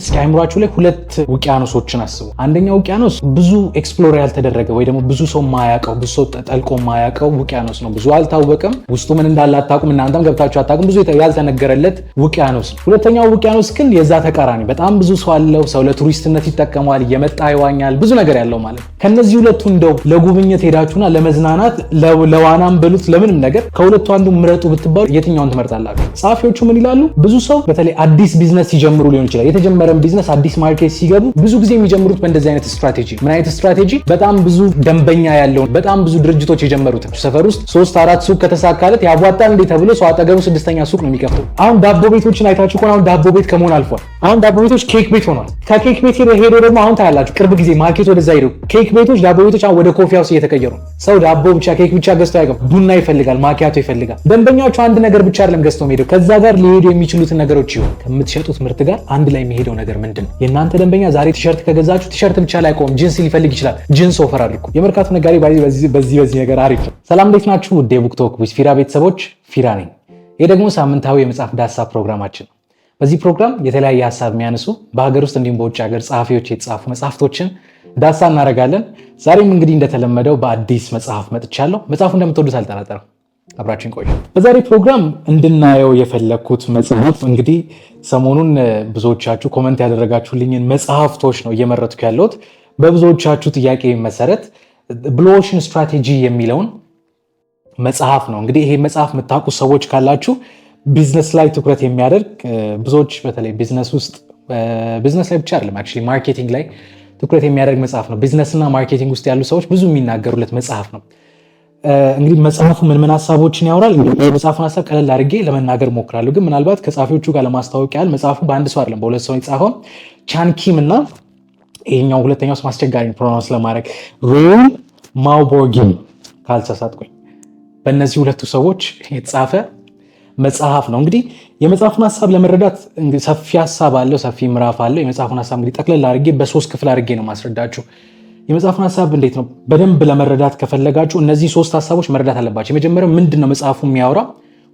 እስኪ አይምሯችሁ ላይ ሁለት ውቅያኖሶችን አስቡ። አንደኛው ውቅያኖስ ብዙ ኤክስፕሎር ያልተደረገ ወይ ደግሞ ብዙ ሰው ማያውቀው ብዙ ሰው ጠልቆ ማያውቀው ውቅያኖስ ነው። ብዙ አልታወቀም፣ ውስጡ ምን እንዳለ አታውቁም፣ እናንተም ገብታችሁ አታውቁም። ብዙ ያልተነገረለት ውቅያኖስ ነው። ሁለተኛው ውቅያኖስ ግን የዛ ተቃራኒ በጣም ብዙ ሰው አለው። ሰው ለቱሪስትነት ይጠቀመዋል፣ እየመጣ ይዋኛል፣ ብዙ ነገር ያለው ማለት ነው። ከነዚህ ሁለቱ እንደው ለጉብኝት ሄዳችሁና ለመዝናናት ለዋናም በሉት ለምንም ነገር ከሁለቱ አንዱ ምረጡ ብትባሉ የትኛውን ትመርጣላችሁ? ጸሐፊዎቹ ምን ይላሉ? ብዙ ሰው በተለይ አዲስ ቢዝነስ ሲጀምሩ ሊሆን ይችላል የተጀመረ የነበረን ቢዝነስ አዲስ ማርኬት ሲገቡ ብዙ ጊዜ የሚጀምሩት በእንደዚህ አይነት ስትራቴጂ። ምን አይነት ስትራቴጂ? በጣም ብዙ ደንበኛ ያለውን በጣም ብዙ ድርጅቶች የጀመሩትን ሰፈር ውስጥ ሶስት አራት ሱቅ ከተሳካለት ያዋጣ እንዴ ተብሎ ሰው አጠገቡ ስድስተኛ ሱቅ ነው የሚከፍተው። አሁን ዳቦ ቤቶችን አይታችሁ ከሆነ አሁን ዳቦ ቤት ከመሆን አልፏል። አሁን ዳቦ ቤቶች ኬክ ቤት ሆኗል። ከኬክ ቤት ሄዶ ደግሞ አሁን ታያላችሁ፣ ቅርብ ጊዜ ማርኬት ወደዛ ሄዶ ኬክ ቤቶች፣ ዳቦ ቤቶች አሁን ወደ ኮፊ ሃውስ እየተቀየሩ ሰው ዳቦ ብቻ ኬክ ብቻ ገዝቶ አይገባ፣ ቡና ይፈልጋል፣ ማኪያቶ ይፈልጋል። ደንበኛዎቹ አንድ ነገር ብቻ አይደለም ገዝተው ሄደው ከዛ ጋር ሊሄዱ የሚችሉትን ነገሮች ይሁን ከምትሸጡት ምርት ጋር አንድ ላይ የሚሄደው ነገር ምንድን ነው? የእናንተ ደንበኛ ዛሬ ቲሸርት ከገዛችሁ ቲሸርት ብቻ ላይ ቆም ጂንስ ሊፈልግ ይችላል። ጂንስ ኦፈር አድርጉ። የመርካቶ ነጋዴ በዚህ በዚህ ነገር አሪፍ ነው። ሰላም እንዴት ናችሁ? ውድ ቡክቶክ ዊዝ ፊራ ቤተሰቦች፣ ፊራ ነኝ። ይህ ደግሞ ሳምንታዊ የመጽሐፍ ዳሰሳ ፕሮግራማችን ነው። በዚህ ፕሮግራም የተለያየ ሀሳብ የሚያነሱ በሀገር ውስጥ እንዲሁም በውጭ ሀገር ጸሐፊዎች የተጻፉ መጽሐፍቶችን ዳሰሳ እናደርጋለን። ዛሬም እንግዲህ እንደተለመደው በአዲስ መጽሐፍ መጥቻለሁ። መጽሐፉ እንደምትወዱት አልጠራጠርም። አብራችን ቆዩ። በዛሬ ፕሮግራም እንድናየው የፈለግኩት መጽሐፍ እንግዲህ ሰሞኑን ብዙዎቻችሁ ኮመንት ያደረጋችሁልኝን መጽሐፍቶች ነው እየመረጥኩ ያለሁት። በብዙዎቻችሁ ጥያቄ መሰረት ብሎሽን ስትራቴጂ የሚለውን መጽሐፍ ነው። እንግዲህ ይሄ መጽሐፍ የምታውቁ ሰዎች ካላችሁ ቢዝነስ ላይ ትኩረት የሚያደርግ ብዙዎች በተለይ ቢዝነስ ውስጥ ቢዝነስ ላይ ብቻ አይደለም አክቹዋሊ ማርኬቲንግ ላይ ትኩረት የሚያደርግ መጽሐፍ ነው። ቢዝነስና ማርኬቲንግ ውስጥ ያሉ ሰዎች ብዙ የሚናገሩለት መጽሐፍ ነው። እንግዲህ መጽሐፉ ምን ምን ሀሳቦችን ያወራል? የመጽሐፉን ሀሳብ ቀለል አድርጌ ለመናገር ሞክራለሁ፣ ግን ምናልባት ከጻፊዎቹ ጋር ለማስታወቅ ያህል መጽሐፉ በአንድ ሰው አይደለም በሁለት ሰው የጻፈው ቻንኪም እና ይሄኛው ሁለተኛው ስም አስቸጋሪ ፕሮናንስ ለማድረግ ሮል ማውቦርጊን ካልተሳሳትኩኝ በእነዚህ ሁለቱ ሰዎች የተጻፈ መጽሐፍ ነው። እንግዲህ የመጽሐፉን ሀሳብ ለመረዳት ሰፊ ሀሳብ አለው፣ ሰፊ ምዕራፍ አለው። የመጽሐፉን ሀሳብ እንግዲህ ጠቅለል አድርጌ በሶስት ክፍል አድርጌ ነው ማስረዳችሁ የመጽሐፉን ሀሳብ እንዴት ነው በደንብ ለመረዳት ከፈለጋችሁ እነዚህ ሶስት ሀሳቦች መረዳት አለባቸው። የመጀመሪያው ምንድን ነው መጽሐፉ የሚያወራው?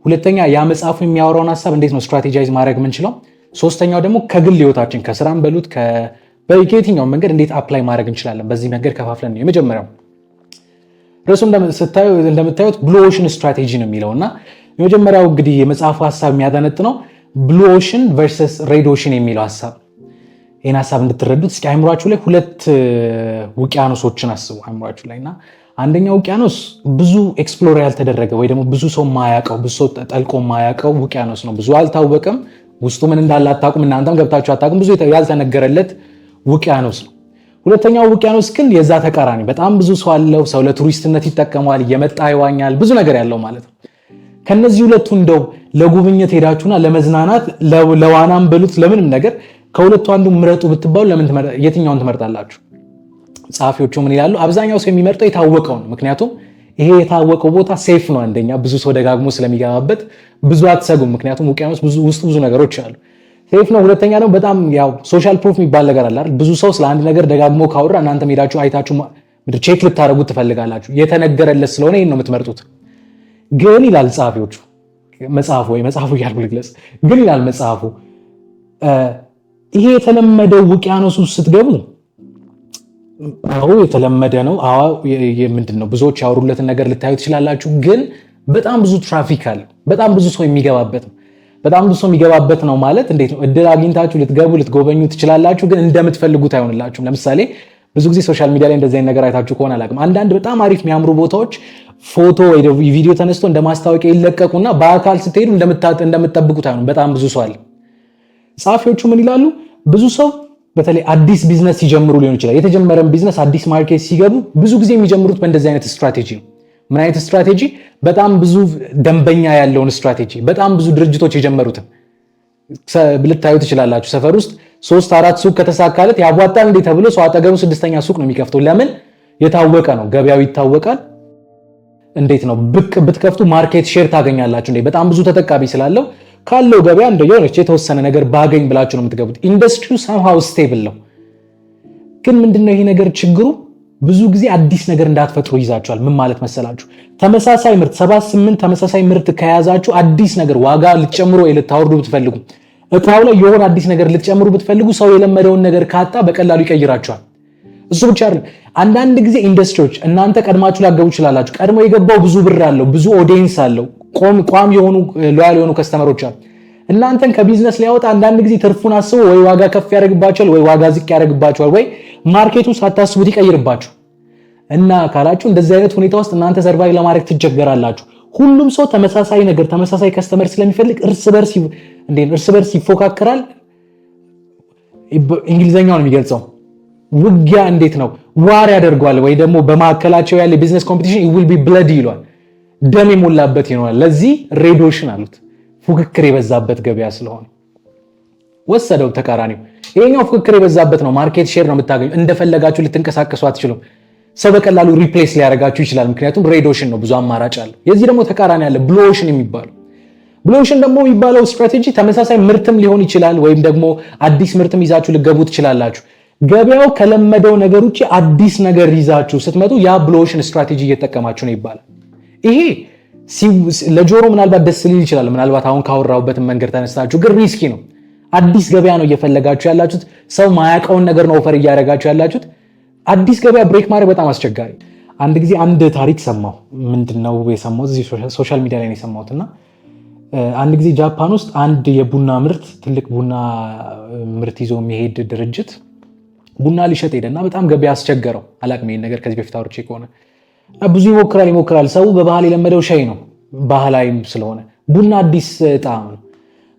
ሁለተኛ ያ መጽሐፉ የሚያወራውን ሀሳብ እንዴት ነው ስትራቴጃይዝ ማድረግ የምንችለው? ሶስተኛው ደግሞ ከግል ህይወታችን ከስራም በሉት ከየትኛውን መንገድ እንዴት አፕላይ ማድረግ እንችላለን። በዚህ መንገድ ከፋፍለን ነው። የመጀመሪያው ርዕሱ እንደምታዩት ብሉ ኦሽን ስትራቴጂ ነው የሚለው እና የመጀመሪያው እንግዲህ የመጽሐፉ ሀሳብ የሚያጠነጥነው ብሉ ኦሽን ቨርሰስ ሬድ ኦሽን የሚለው ሀሳብ ይህን ሀሳብ እንድትረዱት እስኪ አይምሯችሁ ላይ ሁለት ውቅያኖሶችን አስቡ አይምሯችሁ ላይ እና አንደኛው ውቅያኖስ ብዙ ኤክስፕሎር ያልተደረገ ወይ ደግሞ ብዙ ሰው ማያውቀው ብዙ ሰው ጠልቆ ማያውቀው ውቅያኖስ ነው። ብዙ አልታወቅም፣ ውስጡ ምን እንዳለ አታውቁም፣ እናንተም ገብታችሁ አታውቁም። ብዙ ያልተነገረለት ውቅያኖስ ነው። ሁለተኛው ውቅያኖስ ግን የዛ ተቃራኒ በጣም ብዙ ሰው አለው። ሰው ለቱሪስትነት ይጠቀመዋል፣ እየመጣ ይዋኛል፣ ብዙ ነገር ያለው ማለት ነው። ከነዚህ ሁለቱ እንደው ለጉብኝት ሄዳችሁና ለመዝናናት ለዋናም በሉት ለምንም ነገር ከሁለቱ አንዱ ምረጡ ብትባሉ የትኛውን ትመርጣላችሁ? ጸሐፊዎቹ ምን ይላሉ? አብዛኛው ሰው የሚመርጠው የታወቀውን። ምክንያቱም ይሄ የታወቀው ቦታ ሴፍ ነው። አንደኛ ብዙ ሰው ደጋግሞ ስለሚገባበት ብዙ አትሰጉም። ምክንያቱም ውቅያኖስ ውስጥ ብዙ ነገሮች አሉ፣ ሴፍ ነው። ሁለተኛ ደግሞ በጣም ያው ሶሻል ፕሩፍ የሚባል ነገር አለ ብዙ ሰው ስለ አንድ ነገር ደጋግሞ ካወራ እናንተ ሄዳችሁ አይታችሁ ቼክ ልታደረጉት ትፈልጋላችሁ። የተነገረለት ስለሆነ ይህን ነው የምትመርጡት። ግን ይላል ጸሐፊዎቹ መጽሐፉ ወይ መጽሐፉ እያልኩ ልግለጽ፣ ግን ይላል መጽሐፉ ይሄ የተለመደው ውቅያኖስ ውስጥ ስትገቡ አዎ የተለመደ ነው። ምንድን ነው ብዙዎች ያወሩለትን ነገር ልታዩ ትችላላችሁ። ግን በጣም ብዙ ትራፊክ አለ። በጣም ብዙ ሰው የሚገባበት ነው። በጣም ብዙ ሰው የሚገባበት ነው ማለት እንዴት ነው? እድል አግኝታችሁ ልትገቡ ልትጎበኙ ትችላላችሁ። ግን እንደምትፈልጉት አይሆንላችሁም። ለምሳሌ ብዙ ጊዜ ሶሻል ሚዲያ ላይ እንደዚህ ነገር አይታችሁ ከሆነ አላውቅም። አንዳንድ በጣም አሪፍ የሚያምሩ ቦታዎች ፎቶ ወይ ቪዲዮ ተነስቶ እንደ ማስታወቂያ ይለቀቁና በአካል ስትሄዱ እንደምትጠብቁት አይሆንም። በጣም ብዙ ሰው አለ። ጸሐፊዎቹ ምን ይላሉ? ብዙ ሰው በተለይ አዲስ ቢዝነስ ሲጀምሩ ሊሆን ይችላል የተጀመረን ቢዝነስ አዲስ ማርኬት ሲገቡ ብዙ ጊዜ የሚጀምሩት በእንደዚህ አይነት ስትራቴጂ ነው። ምን አይነት ስትራቴጂ? በጣም ብዙ ደንበኛ ያለውን ስትራቴጂ፣ በጣም ብዙ ድርጅቶች የጀመሩትን ልታዩ ትችላላችሁ። ሰፈር ውስጥ ሶስት አራት ሱቅ ከተሳካለት ያዋጣ እንዴ ተብሎ ሰው አጠገቡ ስድስተኛ ሱቅ ነው የሚከፍተው። ለምን? የታወቀ ነው፣ ገበያው ይታወቃል። እንዴት ነው ብቅ ብትከፍቱ ማርኬት ሼር ታገኛላችሁ። በጣም ብዙ ተጠቃሚ ስላለው ካለው ገበያ እንደ የሆነች የተወሰነ ነገር ባገኝ ብላችሁ ነው የምትገቡት። ኢንዱስትሪው ሳምሃው ስቴብል ነው። ግን ምንድነው ይሄ ነገር ችግሩ? ብዙ ጊዜ አዲስ ነገር እንዳትፈጥሩ ይዛችኋል። ምን ማለት መሰላችሁ? ተመሳሳይ ምርት ሰባት ስምንት ተመሳሳይ ምርት ከያዛችሁ አዲስ ነገር ዋጋ ልትጨምሩ ወይ ልታወርዱ ብትፈልጉ እቃው ላይ የሆነ አዲስ ነገር ልትጨምሩ ብትፈልጉ ሰው የለመደውን ነገር ካጣ በቀላሉ ይቀይራቸዋል። እሱ ብቻ አይደለም። አንዳንድ ጊዜ ኢንዱስትሪዎች እናንተ ቀድማችሁ ላገቡ ይችላላችሁ። ቀድሞ የገባው ብዙ ብር አለው፣ ብዙ ኦዲየንስ አለው፣ ቋሚ የሆኑ ሎያል የሆኑ ከስተመሮች አሉ። እናንተን ከቢዝነስ ሊያወጣ አንዳንድ ጊዜ ትርፉን አስቦ ወይ ዋጋ ከፍ ያደርግባቸዋል፣ ወይ ዋጋ ዝቅ ያደርግባቸዋል፣ ወይ ማርኬቱ ሳታስቡት ይቀይርባችሁ እና ካላችሁ እንደዚህ አይነት ሁኔታ ውስጥ እናንተ ሰርቫይ ለማድረግ ትቸገራላችሁ። ሁሉም ሰው ተመሳሳይ ነገር ተመሳሳይ ከስተመር ስለሚፈልግ እርስ በርስ እርስ በርስ ይፎካከራል። እንግሊዘኛውን የሚገልጸው ውጊያ እንዴት ነው ዋር ያደርጓል ወይ ደግሞ በማዕከላቸው ያለ ቢዝነስ ኮምፒቲሽን ዊል ቢ ብለድ ይሏል። ደም የሞላበት ይኖራል። ለዚህ ሬዲዮሽን አሉት፣ ፉክክር የበዛበት ገበያ ስለሆነ ወሰደው ተቃራኒው። ይሄኛው ፉክክር የበዛበት ነው። ማርኬት ሼር ነው የምታገኙ። እንደፈለጋችሁ ልትንቀሳቀሱ አትችሉም። ሰው በቀላሉ ሪፕሌስ ሊያደርጋችሁ ይችላል። ምክንያቱም ሬዲዮሽን ነው፣ ብዙ አማራጭ አለ። የዚህ ደግሞ ተቃራኒ አለ፣ ብሎሽን የሚባለው ብሎሽን ደግሞ የሚባለው ስትራቴጂ ተመሳሳይ ምርትም ሊሆን ይችላል፣ ወይም ደግሞ አዲስ ምርትም ይዛችሁ ልገቡ ትችላላችሁ። ገበያው ከለመደው ነገር ውጭ አዲስ ነገር ይዛችሁ ስትመጡ ያ ብሎሽን ስትራቴጂ እየተጠቀማችሁ ነው ይባላል። ይሄ ለጆሮ ምናልባት ደስ ሊል ይችላል። ምናልባት አሁን ካወራሁበት መንገድ ተነስታችሁ ግን ሪስኪ ነው። አዲስ ገበያ ነው እየፈለጋችሁ ያላችሁት። ሰው ማያውቀውን ነገር ነው ኦፈር እያደረጋችሁ ያላችሁት። አዲስ ገበያ ብሬክ ማድረግ በጣም አስቸጋሪ። አንድ ጊዜ አንድ ታሪክ ሰማሁ። ምንድነው የሰማሁት? እዚህ ሶሻል ሚዲያ ላይ ነው የሰማሁት እና አንድ ጊዜ ጃፓን ውስጥ አንድ የቡና ምርት ትልቅ ቡና ምርት ይዞ የሚሄድ ድርጅት ቡና ሊሸጥ ሄደና በጣም ገበያ አስቸገረው። አላቅም ይሄን ነገር ከዚህ በፊት አውርቼ ከሆነ ብዙ ይሞክራል ይሞክራል። ሰው በባህል የለመደው ሻይ ነው፣ ባህላዊም ስለሆነ ቡና አዲስ ጣዕም ነው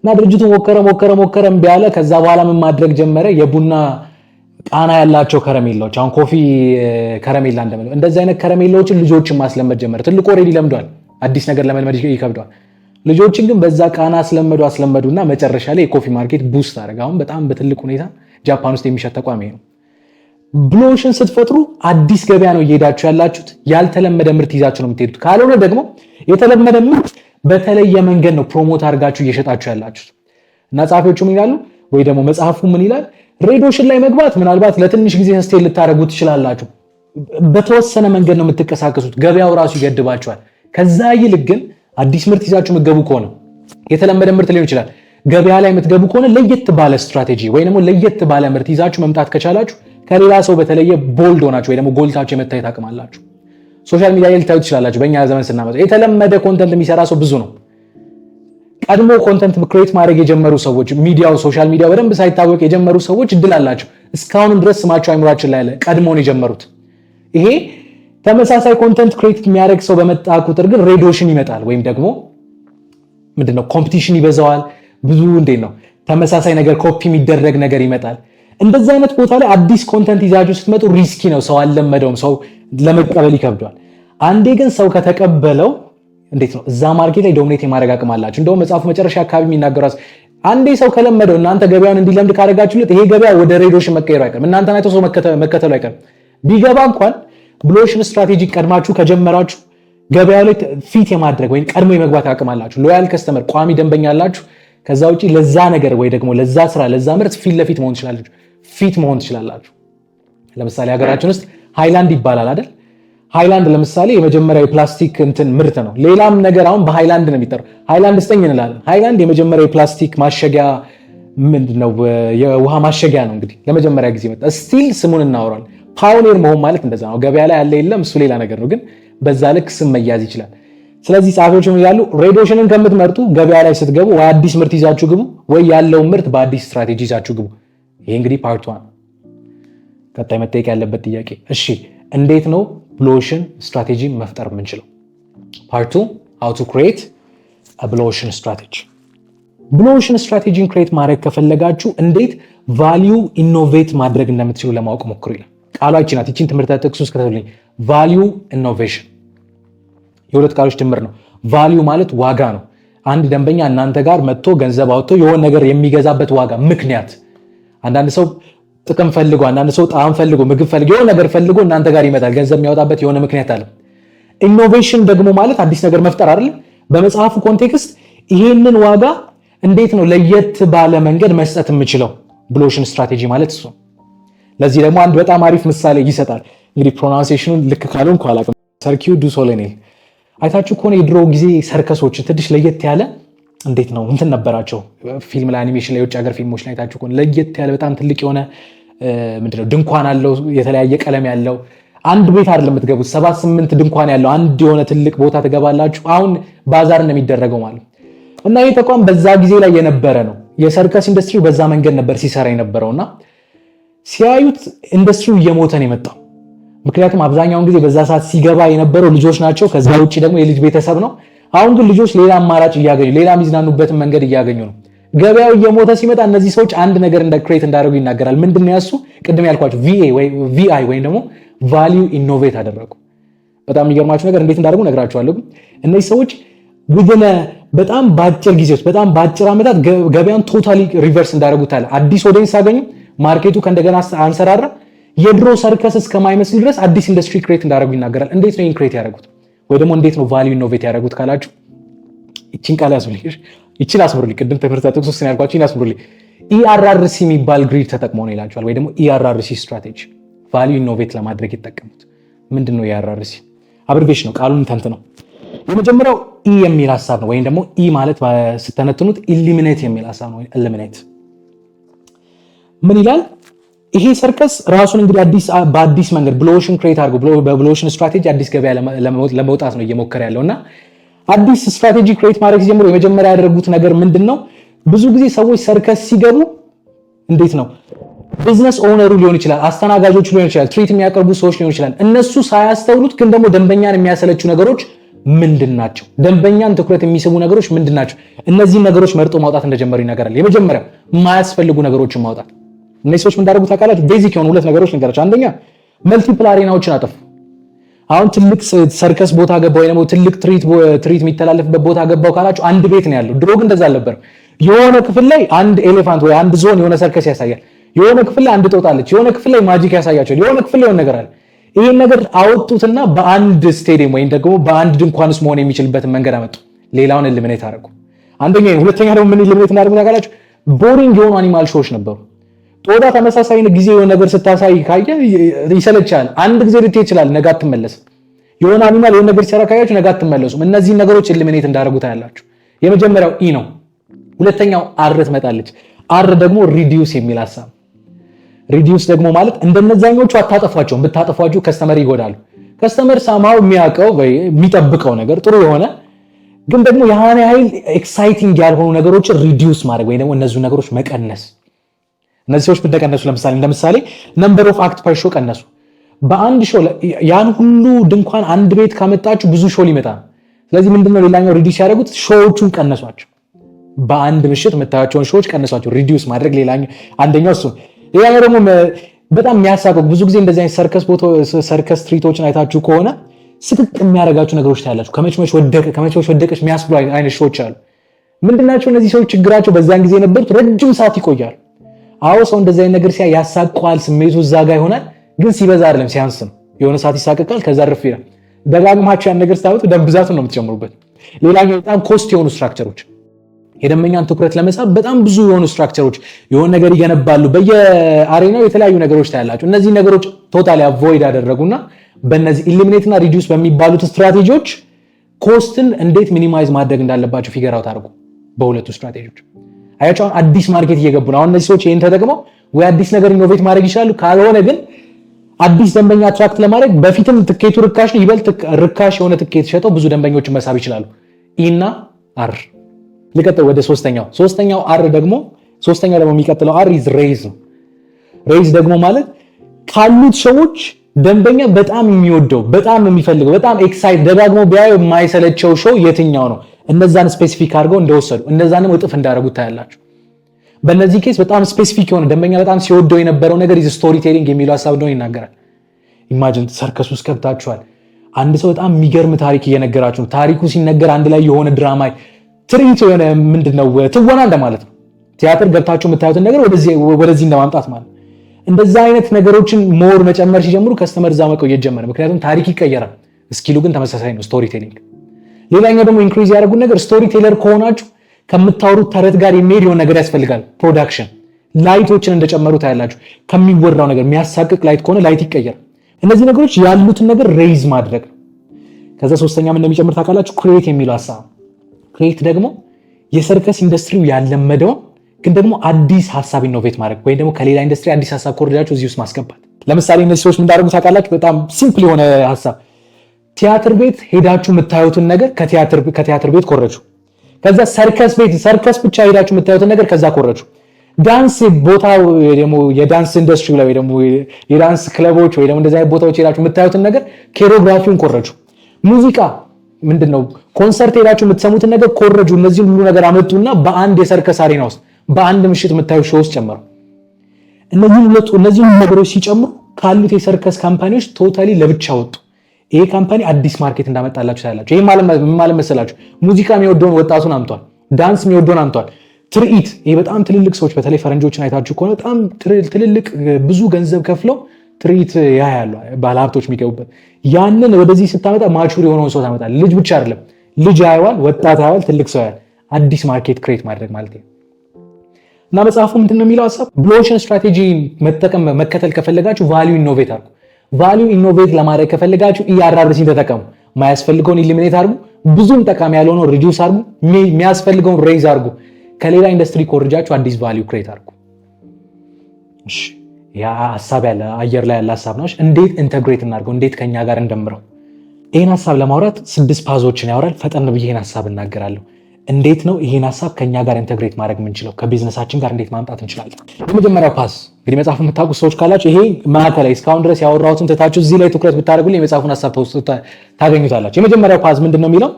እና ድርጅቱ ሞከረ ሞከረ ሞከረ እምቢ አለ። ከዛ በኋላ ምን ማድረግ ጀመረ? የቡና ቃና ያላቸው ከረሜላዎች፣ አሁን ኮፊ ከረሜላ እንደምለው እንደዚህ አይነት ከረሜላዎችን ልጆችን ማስለመድ ጀመረ። ትልቁ ኦልሬዲ ለምዷል፣ አዲስ ነገር ለመልመድ ይከብደዋል። ልጆችን ግን በዛ ቃና አስለመዱ አስለመዱና መጨረሻ ላይ የኮፊ ማርኬት ቡስት አደረገ። አሁን በጣም በትልቅ ሁኔታ ጃፓን ውስጥ የሚሸጥ ተቋሚ ነው። ብሎሽን ስትፈጥሩ አዲስ ገበያ ነው እየሄዳችሁ ያላችሁት። ያልተለመደ ምርት ይዛችሁ ነው የምትሄዱት። ካልሆነ ደግሞ የተለመደ ምርት በተለየ መንገድ ነው ፕሮሞት አድርጋችሁ እየሸጣችሁ ያላችሁት እና ጸሐፊዎቹ ምን ይላሉ ወይ ደግሞ መጽሐፉ ምን ይላል? ሬዶሽን ላይ መግባት ምናልባት ለትንሽ ጊዜ ስቴ ልታደርጉ ትችላላችሁ። በተወሰነ መንገድ ነው የምትንቀሳቀሱት። ገበያው ራሱ ይገድባችኋል። ከዛ ይልቅ ግን አዲስ ምርት ይዛችሁ መገቡ ከሆነ የተለመደ ምርት ሊሆን ይችላል። ገበያ ላይ የምትገቡ ከሆነ ለየት ባለ ስትራቴጂ ወይ ደግሞ ለየት ባለ ምርት ይዛችሁ መምጣት ከቻላችሁ ከሌላ ሰው በተለየ ቦልድ ሆናችሁ ወይ ደግሞ ጎልታችሁ የመታየት አቅም አላችሁ። ሶሻል ሚዲያ ላይ ልታዩ ትችላላችሁ። በእኛ ዘመን ስናመጣው የተለመደ ኮንተንት የሚሰራ ሰው ብዙ ነው። ቀድሞ ኮንተንት ክሬት ማድረግ የጀመሩ ሰዎች ሚዲያው ሶሻል ሚዲያው በደንብ ሳይታወቅ የጀመሩ ሰዎች እድል አላቸው። እስካሁንም ድረስ ስማቸው አይምሯችን ላይ አለ። ቀድሞውን የጀመሩት ይሄ ተመሳሳይ ኮንተንት ክሬት የሚያደርግ ሰው በመጣ ቁጥር ግን ሬዲዮሽን ይመጣል፣ ወይም ደግሞ ምንድነው ኮምፒቲሽን ይበዛዋል። ብዙ እንዴት ነው ተመሳሳይ ነገር ኮፒ የሚደረግ ነገር ይመጣል። እንደዚህ አይነት ቦታ ላይ አዲስ ኮንተንት ይዛችሁ ስትመጡ ሪስኪ ነው። ሰው አልለመደውም፣ ሰው ለመቀበል ይከብዷል። አንዴ ግን ሰው ከተቀበለው እንዴት ነው እዛ ማርኬት ላይ ዶሚኔት የማድረግ አቅም አላችሁ። እንደውም መጽሐፉ መጨረሻ አካባቢ የሚናገሯት አንዴ ሰው ከለመደው እናንተ ገበያውን እንዲለምድ ካደረጋችሁለት ይሄ ገበያ ወደ ሬዶሽን መቀየሩ አይቀርም። እናንተ ናይተው ሰው መከተሉ አይቀርም። ቢገባ እንኳን ብሎሽን ስትራቴጂ ቀድማችሁ ከጀመራችሁ ገበያ ላይ ፊት የማድረግ ወይም ቀድሞ የመግባት አቅም አላችሁ። ሎያል ከስተመር ቋሚ ደንበኛ አላችሁ። ከዛ ውጪ ለዛ ነገር ወይ ደግሞ ለዛ ስራ ለዛ ምርት ፊት ለፊት መሆን ትችላለች። ፊት መሆን ትችላላችሁ። ለምሳሌ ሀገራችን ውስጥ ሃይላንድ ይባላል አይደል? ሃይላንድ ለምሳሌ የመጀመሪያ የፕላስቲክ እንትን ምርት ነው። ሌላም ነገር አሁን በሃይላንድ ነው የሚጠሩ። ሃይላንድ ስጠኝ እንላለን። ሃይላንድ የመጀመሪያ የፕላስቲክ ማሸጊያ ምንድን ነው? የውሃ ማሸጊያ ነው። እንግዲህ ለመጀመሪያ ጊዜ መጣ። ስቲል ስሙን እናወራል። ፓዮኔር መሆን ማለት እንደዛ ነው። ገበያ ላይ ያለ የለም፣ እሱ ሌላ ነገር ነው። ግን በዛ ልክ ስም መያዝ ይችላል። ስለዚህ ጸሐፊዎች ምን ይላሉ? ሬዲዮሽንን ከምትመርጡ ገበያ ላይ ስትገቡ ወይ አዲስ ምርት ይዛችሁ ግቡ፣ ወይ ያለውን ምርት በአዲስ ስትራቴጂ ይዛችሁ ግቡ። ይሄ እንግዲህ ፓርቷን ቀጣይ መጠየቅ ያለበት ጥያቄ እሺ፣ እንዴት ነው ብሎሽን ስትራቴጂ መፍጠር የምንችለው? ፓርቱ ሃው ቱ ክሬት ብሎሽን ስትራቴጂ። ብሎሽን ስትራቴጂን ክሬት ማድረግ ከፈለጋችሁ እንዴት ቫሊዩ ኢኖቬት ማድረግ እንደምትችሉ ለማወቅ ሞክሩ ይላል ቃሉ። አይችናት ይችን ትምህርት ጠቅሱ እስከተሉኝ ቫሊዩ ኢኖቬሽን የሁለት ቃሎች ድምር ነው። ቫሊዩ ማለት ዋጋ ነው። አንድ ደንበኛ እናንተ ጋር መጥቶ ገንዘብ አውጥቶ የሆነ ነገር የሚገዛበት ዋጋ ምክንያት አንዳንድ ሰው ጥቅም ፈልጎ፣ አንዳንድ ሰው ጣዕም ፈልጎ፣ ምግብ ፈልጎ፣ የሆነ ነገር ፈልጎ እናንተ ጋር ይመጣል። ገንዘብ የሚያወጣበት የሆነ ምክንያት አለ። ኢኖቬሽን ደግሞ ማለት አዲስ ነገር መፍጠር አይደለም። በመጽሐፉ ኮንቴክስት ይሄንን ዋጋ እንዴት ነው ለየት ባለ መንገድ መስጠት የምችለው ብሎሽን ስትራቴጂ ማለት እሱ። ለዚህ ደግሞ አንድ በጣም አሪፍ ምሳሌ ይሰጣል። እንግዲህ ፕሮናንሴሽኑን ልክ ካሉን ኋላ ሰርኪው ዱ ሶሌኔል አይታችሁ ከሆነ የድሮ ጊዜ ሰርከሶች ትንሽ ለየት ያለ እንዴት ነው እንትን ነበራቸው ፊልም ላይ አኒሜሽን ላይ የውጭ ሀገር ፊልሞች ላይ ታችሁ ከሆነ ለየት ያለ በጣም ትልቅ የሆነ ምንድነው ድንኳን አለው የተለያየ ቀለም ያለው አንድ ቤት አይደለም የምትገቡት፣ ሰባት ስምንት ድንኳን ያለው አንድ የሆነ ትልቅ ቦታ ትገባላችሁ። አሁን ባዛር ነው የሚደረገው ማለት እና ይህ ተቋም በዛ ጊዜ ላይ የነበረ ነው። የሰርከስ ኢንዱስትሪው በዛ መንገድ ነበር ሲሰራ የነበረው እና ሲያዩት ኢንዱስትሪው እየሞተ ነው የመጣው። ምክንያቱም አብዛኛውን ጊዜ በዛ ሰዓት ሲገባ የነበረው ልጆች ናቸው። ከዛ ውጭ ደግሞ የልጅ ቤተሰብ ነው አሁን ግን ልጆች ሌላ አማራጭ እያገኙ ሌላ የሚዝናኑበትን መንገድ እያገኙ ነው። ገበያው እየሞተ ሲመጣ እነዚህ ሰዎች አንድ ነገር እንደ ክሬት እንዳደረጉ ይናገራል። ምንድን ነው ያሱ? ቅድም ያልኳቸው ቪአይ ወይም ደግሞ ቫሊዩ ኢኖቬት አደረጉ። በጣም የሚገርማችሁ ነገር እንዴት እንዳደረጉ ነግራችኋለሁ። እነዚህ ሰዎች ውድነ በጣም በአጭር ጊዜ ውስጥ በጣም በአጭር ዓመታት ገበያን ቶታሊ ሪቨርስ እንዳደረጉታል። አዲስ ኦዲንስ አገኙ። ማርኬቱ ከእንደገና አንሰራራ። የድሮ ሰርከስ እስከማይመስል ድረስ አዲስ ኢንዱስትሪ ክሬት እንዳደረጉ ይናገራል። እንዴት ነው ይህን ክሬት ያደረጉት? ወይ ደግሞ እንዴት ነው ቫሊዩ ኢኖቬት ያደረጉት ካላችሁ ይችን ቃል ያስብልሽ፣ ይችን አስምሩልኝ። ቅድም ትምህርት ጥቅስ ውስጥ ያልኳችሁ አስምሩልኝ። ኢአርአርሲ e የሚባል ግሪድ ተጠቅሞ ነው ይላቸዋል። ወይ ደግሞ ኢአርአርሲ e ስትራቴጂ ቫሊዩ ኢኖቬት ለማድረግ ይጠቀሙት። ምንድን ነው ኢአርአርሲ? E አብርቬሽ ነው ቃሉን ተንት ነው። የመጀመሪያው ኢ የሚል ሀሳብ ነው። ወይም ደግሞ ኢ ማለት ስተነትኑት ኢሊሚኔት የሚል ሀሳብ ነው። ኢሊሚኔት ምን ይላል? ይሄ ሰርከስ ራሱን እንግዲህ አዲስ በአዲስ መንገድ ብሎሽን ክሬት አድርጎ በብሎሽን ስትራቴጂ አዲስ ገበያ ለመውጣት ነው እየሞከረ ያለው እና አዲስ ስትራቴጂ ክሬት ማድረግ ሲጀምሩ የመጀመሪያ ያደረጉት ነገር ምንድን ነው? ብዙ ጊዜ ሰዎች ሰርከስ ሲገቡ እንዴት ነው ቢዝነስ ኦነሩ ሊሆን ይችላል፣ አስተናጋጆቹ ሊሆን ይችላል፣ ትሪት የሚያቀርቡ ሰዎች ሊሆን ይችላል። እነሱ ሳያስተውሉት ግን ደግሞ ደንበኛን የሚያሰለቹ ነገሮች ምንድን ናቸው? ደንበኛን ትኩረት የሚስቡ ነገሮች ምንድን ናቸው? እነዚህን ነገሮች መርጦ ማውጣት እንደጀመሩ ይነገራል። የመጀመሪያው የማያስፈልጉ ነገሮችን ማውጣት እነዚህ ሰዎች ምንዳረጉት ታውቃላችሁ? ቤዚክ የሆኑ ሁለት ነገሮች ነገራቸው። አንደኛ መልቲፕል አሬናዎችን አጠፉ። አሁን ትልቅ ሰርከስ ቦታ ገባ ወይ ደግሞ ትልቅ ትርኢት የሚተላለፍበት ቦታ ገባው ካላችሁ አንድ ቤት ነው ያለው። ድሮ ግን እንደዛ አልነበረም። የሆነ ክፍል ላይ አንድ ኤሌፋንት ወይ አንድ ዞን የሆነ ሰርከስ ያሳያል። የሆነ ክፍል ላይ አንድ ጦጣለች፣ የሆነ ክፍል ላይ ማጂክ ያሳያቸዋል፣ የሆነ ክፍል ላይ የሆነ ነገር አለ። ይህን ነገር አወጡትና በአንድ ስቴዲየም ወይም ደግሞ በአንድ ድንኳን ውስጥ መሆን የሚችልበትን መንገድ አመጡ። ሌላውን ልምኔት አደረጉ። አንደኛ ሁለተኛ ደግሞ ምን ልምኔት እንዳደረጉ ታውቃላችሁ? ቦሪንግ የሆኑ አኒማል ሾዎች ነበሩ። ጦዳ ተመሳሳይን ጊዜ የሆነ ነገር ስታሳይ ካየ ይሰለቻል። አንድ ጊዜ ልትሄድ ይችላል፣ ነገ አትመለስም። የሆነ አኒማል የሆነ ነገር ሲሰራ ካያችሁ ነገ አትመለሱም። እነዚህን ነገሮች ኤሊሚኔት እንዳደረጉት ታያላችሁ። የመጀመሪያው ኢ e ነው። ሁለተኛው አር ትመጣለች። አር ደግሞ ሪዲዩስ የሚል ሀሳብ ሪዲዩስ ደግሞ ማለት እንደነዛኞቹ አታጠፏቸውም። ብታጠፏቸው ከስተመር ይጎዳሉ። ከስተመር ሳማው የሚያውቀው የሚጠብቀው ነገር ጥሩ የሆነ ግን ደግሞ የሆነ ያህል ኤክሳይቲንግ ያልሆኑ ነገሮችን ሪዲዩስ ማድረግ ወይ ደግሞ እነዚሁ ነገሮች መቀነስ እነዚህ ሰዎች ብደ ለምሳሌ እንደምሳሌ ነምበር ኦፍ አክት ፐር ሾ ቀነሱ። በአንድ ሾ ያን ሁሉ ድንኳን አንድ ቤት ካመጣችሁ ብዙ ሾ ሊመጣ ነው። ስለዚህ ምንድነው ሌላኛው ሪዲስ ያደረጉት ሾዎቹን ቀነሷቸው። በአንድ ምሽት የምታያቸውን ሾዎች ቀነሷቸው። ሪዲስ ማድረግ ሌላኛው አንደኛው እሱ። ሌላኛው ደግሞ በጣም የሚያሳቀ ብዙ ጊዜ እንደዚህ አይነት ሰርከስ ቦታ ሰርከስ ትርኢቶችን አይታችሁ ከሆነ ስቅቅ የሚያደርጋችሁ ነገሮች ታያላችሁ። ከመችመች ወደቀ ከመችመች ወደቀች የሚያስብሉ አይነት ሾዎች አሉ። ምንድናቸው እነዚህ ሰዎች? ችግራቸው በዛን ጊዜ የነበሩት ረጅም ሰዓት ይቆያሉ። አዎ ሰው እንደዚህ አይነት ነገር ሲያይ ያሳቀዋል፣ ስሜቱ እዛ ጋር ይሆናል። ግን ሲበዛ አይደለም ሲያንስም የሆነ ሰዓት ይሳቀቃል፣ ከዛ እርፍ ይላል። ደጋግማችሁ ያን ነገር ስታወጡ ደም ብዛቱ ነው የምትጨምሩበት። ሌላኛው በጣም ኮስት የሆኑ ስትራክቸሮች የደንበኛን ትኩረት ለመሳብ በጣም ብዙ የሆኑ ስትራክቸሮች የሆነ ነገር ይገነባሉ። በየአሬናው የተለያዩ ነገሮች ታያላችሁ። እነዚህ ነገሮች ቶታሊ አቮይድ ያደረጉና በእነዚህ ኢሊሚኔትና ሪዲዩስ በሚባሉት ስትራቴጂዎች ኮስትን እንዴት ሚኒማይዝ ማድረግ እንዳለባቸው ፊገር አውት አድርጉ በሁለቱ ስትራቴጂዎች አያቸውን አዲስ ማርኬት እየገቡ ነው። አሁን እነዚህ ሰዎች ይህን ተጠቅመው ወይ አዲስ ነገር ኢኖቬት ማድረግ ይችላሉ። ካልሆነ ግን አዲስ ደንበኛ አትራክት ለማድረግ በፊትም ትኬቱ ርካሽ ነው፣ ይበልጥ ርካሽ የሆነ ትኬት ሸጠው ብዙ ደንበኞችን መሳብ ይችላሉ። ኢና e አር ልቀጥል ወደ ሶስተኛው ሶስተኛው አር ደግሞ ሶስተኛው ደግሞ የሚቀጥለው አር ኢዝ ሬይዝ ነው። ሬይዝ ደግሞ ማለት ካሉት ሰዎች ደንበኛ በጣም የሚወደው በጣም የሚፈልገው በጣም ኤክሳይት ደጋግሞ ቢያዩ የማይሰለቸው ሾው የትኛው ነው? እነዛን ስፔሲፊክ አድርገው እንደወሰዱ እነዛንም እጥፍ እንዳደረጉ ታያላችሁ። በእነዚህ ኬስ በጣም ስፔሲፊክ የሆነ ደንበኛ በጣም ሲወደው የነበረው ነገር ስቶሪ ቴሊንግ የሚለው ሀሳብ እንደሆነ ይናገራል። ኢማጅን ሰርከስ ውስጥ ገብታችኋል። አንድ ሰው በጣም የሚገርም ታሪክ እየነገራችሁ ነው። ታሪኩ ሲነገር አንድ ላይ የሆነ ድራማ ትርኢት የሆነ ምንድነው ትወና እንደማለት ነው። ቲያትር ገብታችሁ የምታዩትን ነገር ወደዚህ እንደማምጣት ማለት እንደዛ አይነት ነገሮችን ሞር መጨመር ሲጀምሩ ከስተመር እዛ መቆየት ምክንያቱም ታሪክ ይቀየራል። እስኪሉ ግን ተመሳሳይ ነው ስቶሪ ቴሊንግ ሌላኛው ደግሞ ኢንክሪዝ ያደረጉት ነገር ስቶሪ ቴለር ከሆናችሁ ከምታወሩት ተረት ጋር የሚሄድ የሆነ ነገር ያስፈልጋል። ፕሮዳክሽን ላይቶችን እንደጨመሩ ታያላችሁ። ከሚወራው ነገር የሚያሳቅቅ ላይት ከሆነ ላይት ይቀየር። እነዚህ ነገሮች ያሉትን ነገር ሬይዝ ማድረግ። ከዛ ሶስተኛ ምን እንደሚጨምር ታውቃላችሁ? ክሬት የሚለው ሀሳብ። ክሬት ደግሞ የሰርከስ ኢንዱስትሪው ያለመደውን ግን ደግሞ አዲስ ሀሳብ ኢኖቬት ማድረግ ወይም ደግሞ ከሌላ ኢንዱስትሪ አዲስ ሀሳብ ኮርዳቸው እዚህ ውስጥ ማስገባት። ለምሳሌ እነዚህ ሰዎች ምን እንዳደረጉ ታውቃላችሁ? በጣም ሲምፕል የሆነ ሀሳብ ቲያትር ቤት ሄዳችሁ የምታዩትን ነገር ከቲያትር ቤት ኮረጁ። ከዛ ሰርከስ ቤት ሰርከስ ብቻ ሄዳችሁ የምታዩትን ነገር ከዛ ኮረጁ። ዳንስ ቦታ ደግሞ የዳንስ ኢንዱስትሪ ላይ ደግሞ የዳንስ ክለቦች ወይ ደግሞ እንደዚህ አይነት ቦታዎች ሄዳችሁ የምታዩትን ነገር ኮሪዮግራፊውን ኮረጁ። ሙዚቃ ምንድን ነው? ኮንሰርት ሄዳችሁ የምትሰሙትን ነገር ኮረጁ። እነዚህ ሁሉ ነገር አመጡና በአንድ የሰርከስ አሬና ውስጥ በአንድ ምሽት የምታዩ ሾው ውስጥ ጨመሩ። እነዚህ ሁሉ ነገሮች ሲጨምሩ ካሉት የሰርከስ ካምፓኒዎች ቶታሊ ለብቻ ወጡ። ይሄ ካምፓኒ አዲስ ማርኬት እንዳመጣላችሁ ታያላችሁ። ይሄ ማለት መሰላችሁ ሙዚቃ የሚወደውን ወጣቱን አምቷል። ዳንስ የሚወደውን አምቷል። ትርኢት ይሄ በጣም ትልልቅ ሰዎች በተለይ ፈረንጆችን አይታችሁ ከሆነ በጣም ትልልቅ ብዙ ገንዘብ ከፍለው ትርኢት ያ ያሉ ባለሀብቶች የሚገቡበት ያንን ወደዚህ ስታመጣ ማቹር የሆነውን ሰው ታመጣል። ልጅ ብቻ አይደለም ልጅ አያዋል፣ ወጣት አያዋል፣ ትልቅ ሰው ያል አዲስ ማርኬት ክሬት ማድረግ ማለት ነው። እና መጽሐፉ ምንድን ነው የሚለው ሀሳብ ብሎሽን ስትራቴጂ መጠቀም መከተል ከፈለጋችሁ ቫሊዩ ኢኖቬት አርጉ። ቫሊዩ ኢኖቬት ለማድረግ ከፈለጋችሁ ኢአርአርሲን ተጠቀሙ። ማያስፈልገውን ኢሊሚኔት አድርጉ። ብዙም ጠቃሚ ያልሆነውን ሪዲዩስ አድርጉ። የሚያስፈልገውን ሬይዝ አድርጉ። ከሌላ ኢንዱስትሪ ኮርጃችሁ አዲስ ቫሊዩ ክሬት አድርጉ። ያ ሀሳብ ያለ አየር ላይ ያለ ሀሳብ ነው። እንዴት ኢንተግሬት እናድርገው? እንዴት ከኛ ጋር እንደምረው? ይህን ሀሳብ ለማውራት ስድስት ፓዞችን ያወራል። ፈጠን ብዬ ይህን ሀሳብ እናገራለሁ። እንዴት ነው ይህን ሀሳብ ከኛ ጋር ኢንተግሬት ማድረግ የምንችለው? ከቢዝነሳችን ጋር እንዴት ማምጣት እንችላለን? የመጀመሪያው ፓስ እንግዲህ መጽሐፍ የምታውቁ ሰዎች ካላችሁ ይሄ ማዕከላዊ እስካሁን ድረስ ያወራሁትን ትታችሁ እዚህ ላይ ትኩረት ብታደርጉልኝ የመጽሐፉን ሀሳብ ታገኙታላችሁ። የመጀመሪያው ፓዝ ምንድን ነው የሚለው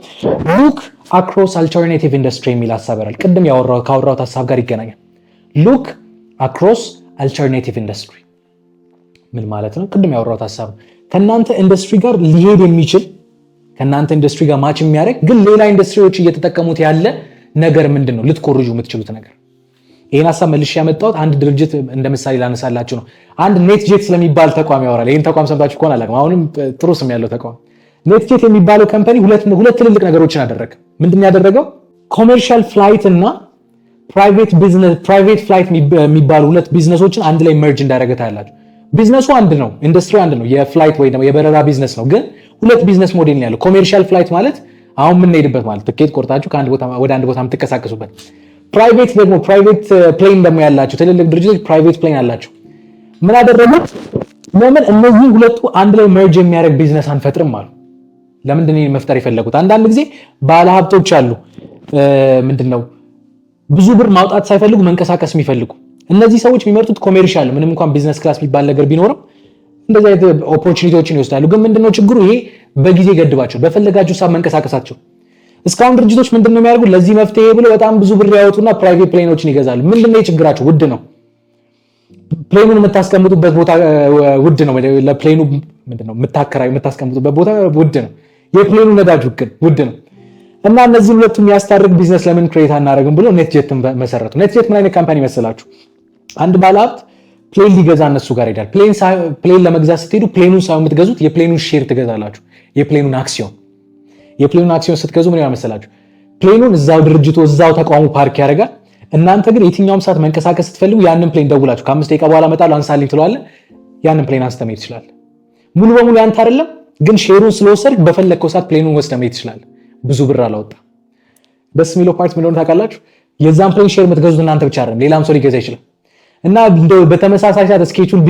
ሉክ አክሮስ አልተርኔቲቭ ኢንዱስትሪ የሚል ሀሳብ ያላል። ቅድም ካወራሁት ሀሳብ ጋር ይገናኛል። ሉክ አክሮስ አልተርኔቲቭ ኢንዱስትሪ ምን ማለት ነው? ቅድም ያወራሁት ሀሳብ ከናንተ ከእናንተ ኢንዱስትሪ ጋር ሊሄድ የሚችል ከእናንተ ኢንዱስትሪ ጋር ማች የሚያደርግ ግን ሌላ ኢንዱስትሪዎች እየተጠቀሙት ያለ ነገር ምንድን ነው? ልትኮርጁ የምትችሉት ነገር ይህን ሀሳብ መልሽ ያመጣሁት አንድ ድርጅት እንደ ምሳሌ ላነሳላችሁ ነው። አንድ ኔትጄት ስለሚባል ተቋም ያወራል። ይህን ተቋም ሰምታችሁ ከሆነ አላውቅም። አሁንም ጥሩ ስም ያለው ተቋም ኔትጄት የሚባለው ከምፓኒ ሁለት ትልልቅ ነገሮችን አደረገ። ምንድን ያደረገው ኮሜርሻል ፍላይት እና ፕራይቬት ፍላይት የሚባሉ ሁለት ቢዝነሶችን አንድ ላይ መርጅ እንዳደረገ ታያላችሁ። ቢዝነሱ አንድ ነው፣ ኢንዱስትሪ አንድ ነው፣ የፍላይት ወይ ደግሞ የበረራ ቢዝነስ ነው። ግን ሁለት ቢዝነስ ሞዴል ያለው። ኮሜርሻል ፍላይት ማለት አሁን የምንሄድበት ማለት ትኬት ቆርጣችሁ ቦታ ወደ አንድ ቦታ የምትንቀሳቀሱበት ፕራይቬት ደግሞ ፕራይቬት ፕሌን uh, ደግሞ ያላቸው ትልልቅ ድርጅቶች ፕራይቬት ፕሌን አላቸው። ምን አደረጉት? ለምን እነዚህ ሁለቱ አንድ ላይ መርጅ የሚያደርግ ቢዝነስ አንፈጥርም አሉ። ለምንድን መፍጠር የፈለጉት? አንዳንድ ጊዜ ባለሀብቶች አሉ፣ uh, ምንድን ነው ብዙ ብር ማውጣት ሳይፈልጉ መንቀሳቀስ የሚፈልጉ እነዚህ ሰዎች የሚመርጡት ኮሜርሻል፣ ምንም እንኳን ቢዝነስ ክላስ የሚባል ነገር ቢኖርም እንደዚህ አይነት ኦፖርቹኒቲዎችን ይወስዳሉ። ግን ምንድነው ችግሩ? ይሄ በጊዜ ገድባቸው በፈለጋቸው ሳብ መንቀሳቀሳቸው እስካሁን ድርጅቶች ምንድን ነው የሚያደርጉት? ለዚህ መፍትሄ ብሎ በጣም ብዙ ብር ያወጡና ፕራይቬት ፕሌኖችን ይገዛሉ። ምንድን ነው የችግራቸው? ውድ ነው። ፕሌኑን የምታስቀምጡበት ቦታ ውድ ነው። ለፕሌኑ የምታከራዩ? የምታስቀምጡበት ቦታ ውድ ነው። የፕሌኑ ነዳጅ ውድ ነው። እና እነዚህን ሁለቱ የሚያስታርቅ ቢዝነስ ለምን ክሬት አናደርግም ብሎ ኔትጀት መሰረቱ። ኔትጀት ምን አይነት ካምፓኒ መሰላችሁ? አንድ ባለሀብት ፕሌን ሊገዛ እነሱ ጋር ይሄዳል። ፕሌን ለመግዛት ስትሄዱ ፕሌኑን ሳይሆን የምትገዙት የፕሌኑን ሼር ትገዛላችሁ፣ የፕሌኑን አክሲዮን የፕሌኑን አክሲዮን ስትገዙ ምን ይሆናል መሰላችሁ? ፕሌኑን እዛው ድርጅቱ እዛው ተቋሙ ፓርክ ያደርጋል። እናንተ ግን የትኛውም ሰዓት መንቀሳቀስ ስትፈልጉ ያንን ፕሌን ደውላችሁ ከአምስት ደቂቃ በኋላ እመጣለሁ አንሳልኝ ትለዋለ። ያንን ፕሌን አንስተ መሄድ ትችላለህ። ሙሉ በሙሉ ያንተ አይደለም፣ ግን ሼሩን ስለወሰድክ በፈለግከው ሰዓት ፕሌኑን ወስደ መሄድ ትችላለህ። ብዙ ብር አላወጣ። ደስ የሚለው ፓርት ምንደሆነ ታውቃላችሁ? የዛን ፕሌን ሼር የምትገዙት እናንተ ብቻ አይደለም፣ ሌላም ሰው ሊገዛ ይችላል። እና በተመሳሳይ ሰዓት ስኬቹን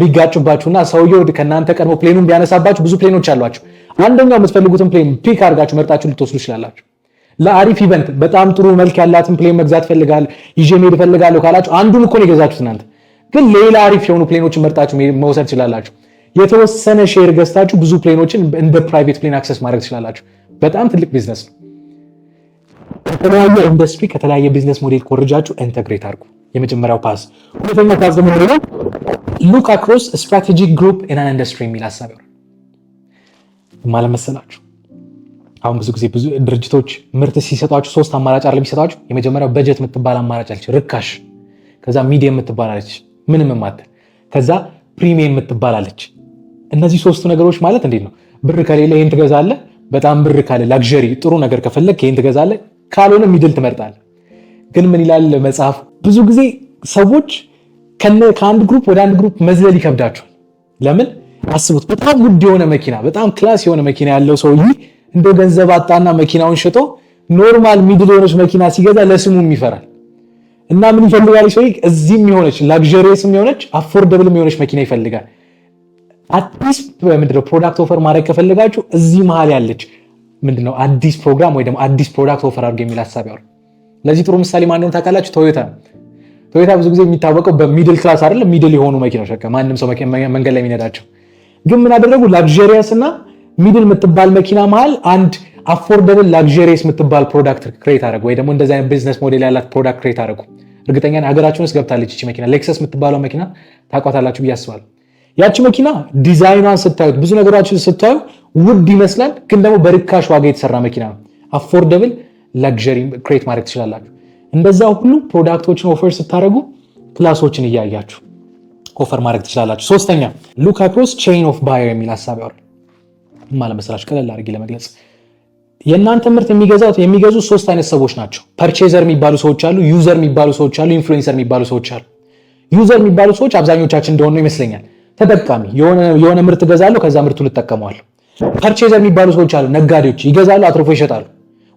ቢጋጭባችሁና ሰውየው ከእናንተ ቀድሞ ፕሌኑን ቢያነሳባችሁ ብዙ ፕሌኖች አሏችሁ። አንደኛው የምትፈልጉትን ፕሌን ፒክ አድርጋችሁ መርጣችሁ ልትወስዱ ይችላላችሁ። ለአሪፍ ኢቨንት በጣም ጥሩ መልክ ያላትን ፕሌን መግዛት ፈልጋል ይዤ መሄድ ፈልጋለሁ ካላችሁ አንዱን እኮ ነው የገዛችሁት እናንተ። ግን ሌላ አሪፍ የሆኑ ፕሌኖችን መርጣችሁ መውሰድ ትችላላችሁ። የተወሰነ ሼር ገዝታችሁ ብዙ ፕሌኖችን እንደ ፕራይቬት ፕሌን አክሰስ ማድረግ ትችላላችሁ። በጣም ትልቅ ቢዝነስ ነው። ከተለያየ ኢንዱስትሪ ከተለያየ ቢዝነስ ሞዴል ኮርጃችሁ ኢንተግሬት አድርጉ። የመጀመሪያው ፓስ። ሁለተኛ ፓስ ደግሞ ሆነ ሉክ አክሮስ ስትራቴጂክ ግሩፕ እና ኢንዱስትሪ የሚል ሀሳብ ይሆናል። ማለት መሰላችሁ አሁን ብዙ ጊዜ ብዙ ድርጅቶች ምርት ሲሰጧችሁ ሶስት አማራጭ አለ የሚሰጧችሁ። የመጀመሪያው በጀት የምትባል አማራጭ አለች፣ ርካሽ። ከዛ ሚዲየም የምትባል አለች፣ ምንም የማትል። ከዛ ፕሪሚየም የምትባል አለች። እነዚህ ሶስቱ ነገሮች ማለት እንዴት ነው? ብር ከሌለ ይህን ትገዛለ በጣም ብር ካለ ላግዠሪ፣ ጥሩ ነገር ከፈለግ ይህን ትገዛለ ካልሆነ ሚድል ትመርጣለ። ግን ምን ይላል መጽሐፉ? ብዙ ጊዜ ሰዎች ከአንድ ግሩፕ ወደ አንድ ግሩፕ መዝለል ይከብዳቸዋል። ለምን? አስቡት፣ በጣም ውድ የሆነ መኪና፣ በጣም ክላስ የሆነ መኪና ያለው ሰውዬ እንደ ገንዘብ አጣና መኪናውን ሽጦ ኖርማል ሚድል የሆነች መኪና ሲገዛ ለስሙም ይፈራል እና ምን ይፈልጋል? ሰው እዚህም የሆነች ላግዠሪየስም የሆነች አፎርደብል የሆነች መኪና ይፈልጋል። አዲስ ምንድነው ፕሮዳክት ኦፈር ማድረግ ከፈለጋችሁ እዚህ መሀል ያለች ምንድነው አዲስ ፕሮግራም ወይ ደግሞ አዲስ ፕሮዳክት ኦፈር አድርገ የሚል ሀሳብ ያወር። ለዚህ ጥሩ ምሳሌ ማንነው ታውቃላችሁ? ቶዮታ ቶዮታ ብዙ ጊዜ የሚታወቀው በሚድል ክላስ አይደለም፣ ሚድል የሆኑ መኪናዎች በቃ ማንም ሰው መንገድ ላይ የሚነዳቸው። ግን ምን አደረጉ? ላግዠሪየስ እና ሚድል የምትባል መኪና መሀል አንድ አፎርደብል ላግዠሪየስ የምትባል ፕሮዳክት ክሬት አደረጉ፣ ወይ ደግሞ እንደዚህ አይነት ቢዝነስ ሞዴል ያላት ፕሮዳክት ክሬት አደረጉ። እርግጠኛ ሀገራችን ውስጥ ገብታለች ይቺ መኪና፣ ሌክሰስ የምትባለው መኪና ታቋታላችሁ ብዬ አስባለሁ። ያቺ መኪና ዲዛይኗን ስታዩት ብዙ ነገሮችን ስታዩ ውድ ይመስላል፣ ግን ደግሞ በርካሽ ዋጋ የተሰራ መኪና ነው። አፎርደብል ላግዠሪ ክሬት ማድረግ ትችላላችሁ። እንደዛ ሁሉ ፕሮዳክቶችን ኦፈር ስታደርጉ ክላሶችን እያያችሁ ኦፈር ማድረግ ትችላላችሁ። ሶስተኛ ሉክ አክሮስ ቼን ኦፍ ባየር የሚል ሀሳብ ያወራል። ማለመስላች ቀለል አድርጌ ለመግለጽ የእናንተ ምርት የሚገዛት የሚገዙ ሶስት አይነት ሰዎች ናቸው። ፐርቼዘር የሚባሉ ሰዎች አሉ፣ ዩዘር የሚባሉ ሰዎች አሉ፣ ኢንፍሉዌንሰር የሚባሉ ሰዎች አሉ። ዩዘር የሚባሉ ሰዎች አብዛኞቻችን እንደሆነ ይመስለኛል። ተጠቃሚ የሆነ ምርት እገዛለሁ፣ ከዛ ምርቱ ልጠቀመዋለሁ። ፐርቼዘር የሚባሉ ሰዎች አሉ፣ ነጋዴዎች ይገዛሉ፣ አትርፎ ይሸጣሉ።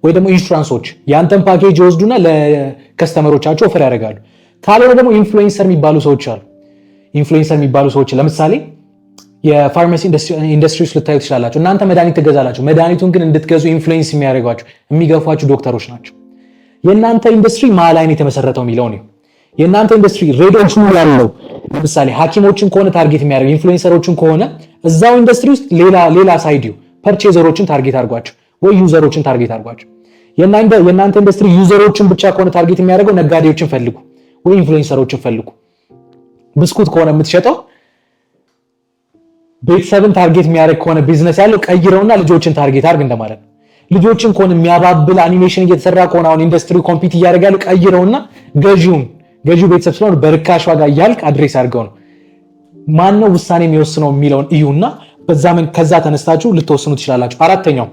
ወይ ደግሞ ኢንሹራንሶች የአንተን ፓኬጅ ይወስዱና ለከስተመሮቻቸው ኦፈር ያደርጋሉ። ካልሆነ ደግሞ ኢንፍሉዌንሰር የሚባሉ ሰዎች አሉ። ኢንፍሉዌንሰር የሚባሉ ሰዎች ለምሳሌ የፋርማሲ ኢንዱስትሪ ውስጥ ልታዩ ትችላላችሁ። እናንተ መድኃኒት ትገዛላችሁ። መድኃኒቱን ግን እንድትገዙ ኢንፍሉዌንስ የሚያደርጓችሁ የሚገፏችሁ ዶክተሮች ናቸው። የእናንተ ኢንዱስትሪ መሀል ላይ ነው የተመሰረተው የሚለው ነው። የእናንተ ኢንዱስትሪ ሬዲዮች ያለው ለምሳሌ ሐኪሞችን ከሆነ ታርጌት የሚያደርገው ኢንፍሉዌንሰሮችን ከሆነ እዛው ኢንዱስትሪ ውስጥ ሌላ ሌላ ሳይዲው ፐርቼዘሮችን ታርጌት አድርጓቸው ወይ ዩዘሮችን ታርጌት አድርጓቸው። የእናንተ ኢንዱስትሪ ዩዘሮችን ብቻ ከሆነ ታርጌት የሚያደርገው ነጋዴዎችን ፈልጉ ወይ ኢንፍሉዌንሰሮችን ፈልጉ። ብስኩት ከሆነ የምትሸጠው ቤተሰብን ታርጌት የሚያደርግ ከሆነ ቢዝነስ ያለው ቀይረውና ልጆችን ታርጌት አድርግ እንደማለት ነው። ልጆችን ከሆነ የሚያባብል አኒሜሽን እየተሰራ ከሆነ አሁን ኢንዱስትሪ ኮምፒት እያደረገ ያለው ቀይረውና ገዢውን ገዢው ቤተሰብ ስለሆነ በርካሽ ዋጋ እያልቅ አድሬስ አድርገው ነው። ማነው ውሳኔ የሚወስነው የሚለውን እዩና በዛ ከዛ ተነስታችሁ ልትወስኑ ትችላላችሁ። አራተኛው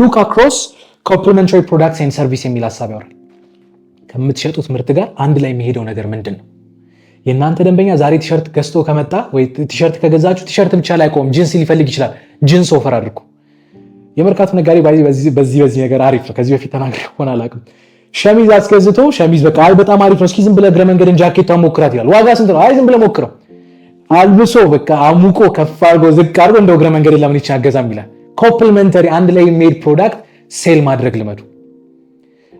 ሉክ አክሮስ ኮምፕሊመንታሪ ፕሮዳክትስ ኤንድ ሰርቪስ የሚል ሀሳብ ያወራል። ከምትሸጡት ምርት ጋር አንድ ላይ የሚሄደው ነገር ምንድን ነው? የእናንተ ደንበኛ ዛሬ ቲሸርት ገዝቶ ከመጣ ወይ ቲሸርት ከገዛችሁ ቲሸርት ብቻ ላይ አይቆምም፣ ጅንስ ሊፈልግ ይችላል። ጅንስ ኦፈር አድርጉ። የመርካቶ ነጋዴ በዚህ በዚህ ነገር አሪፍ ነው። ከዚህ በፊት ተናግሬ ሆነ አላውቅም። ሸሚዝ አስገዝቶ ሸሚዝ በቃ አይ በጣም አሪፍ ነው፣ እስኪ ዝም ብለህ እግረ መንገድን ጃኬቷን ሞክራት ይላል። ዋጋ ስንት ነው? አይ ዝም ብለህ ሞክረው። አልብሶ በቃ አሙቆ ከፍ አድርጎ ዝቅ አድርጎ እንደው እግረ መንገድ ለምን ይቻገዛም ይላል። ኮምፕሊመንተሪ አንድ ላይ የሚሄድ ፕሮዳክት ሴል ማድረግ ልመዱ።